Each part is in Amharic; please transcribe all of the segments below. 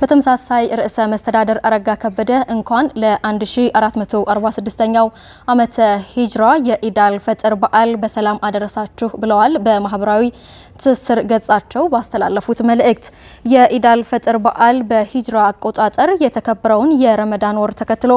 በተመሳሳይ ርዕሰ መስተዳደር አረጋ ከበደ እንኳን ለ1446ኛው ዓመተ ሂጅራ የኢዳል ፈጥር በዓል በሰላም አደረሳችሁ ብለዋል። በማህበራዊ ትስስር ገጻቸው ባስተላለፉት መልእክት የኢዳል ፈጥር በዓል በሂጅራ አቆጣጠር የተከበረውን የረመዳን ወር ተከትሎ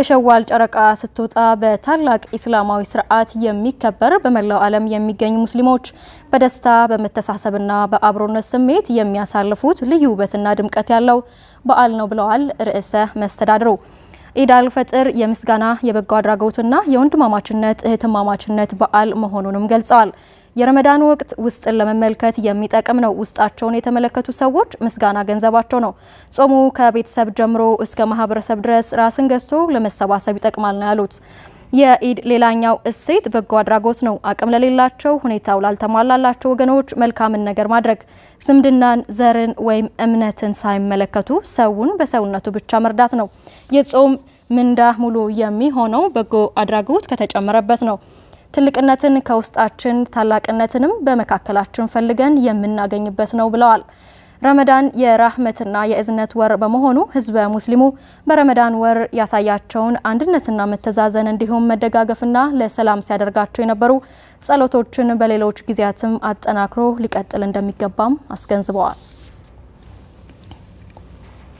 የሸዋል ጨረቃ ስትወጣ በታላቅ ኢስላማዊ ስርዓት የሚከበር በመላው ዓለም የሚገኙ ሙስሊሞች በደስታ በመተሳሰብና በአብሮነት ስሜት የሚያሳልፉት ልዩ ውበትና ድምቀት ያለው በዓል ነው ብለዋል ርዕሰ መስተዳድሩ። ኢድ አል ፈጥር የምስጋና የበጎ አድራጎትና የወንድማማችነት እህትማማችነት በዓል መሆኑንም ገልጸዋል። የረመዳን ወቅት ውስጥን ለመመልከት የሚጠቅም ነው። ውስጣቸውን የተመለከቱ ሰዎች ምስጋና ገንዘባቸው ነው። ጾሙ ከቤተሰብ ጀምሮ እስከ ማህበረሰብ ድረስ ራስን ገዝቶ ለመሰባሰብ ይጠቅማል ነው ያሉት። የኢድ ሌላኛው እሴት በጎ አድራጎት ነው። አቅም ለሌላቸው፣ ሁኔታው ላልተሟላላቸው ወገኖች መልካምን ነገር ማድረግ ዝምድናን፣ ዘርን ወይም እምነትን ሳይመለከቱ ሰውን በሰውነቱ ብቻ መርዳት ነው። የጾም ምንዳ ሙሉ የሚሆነው በጎ አድራጎት ከተጨመረበት ነው። ትልቅነትን ከውስጣችን ታላቅነትንም በመካከላችን ፈልገን የምናገኝበት ነው ብለዋል። ረመዳን የራህመትና የእዝነት ወር በመሆኑ ህዝበ ሙስሊሙ በረመዳን ወር ያሳያቸውን አንድነትና መተዛዘን እንዲሁም መደጋገፍና ለሰላም ሲያደርጋቸው የነበሩ ጸሎቶችን በሌሎች ጊዜያትም አጠናክሮ ሊቀጥል እንደሚገባም አስገንዝበዋል።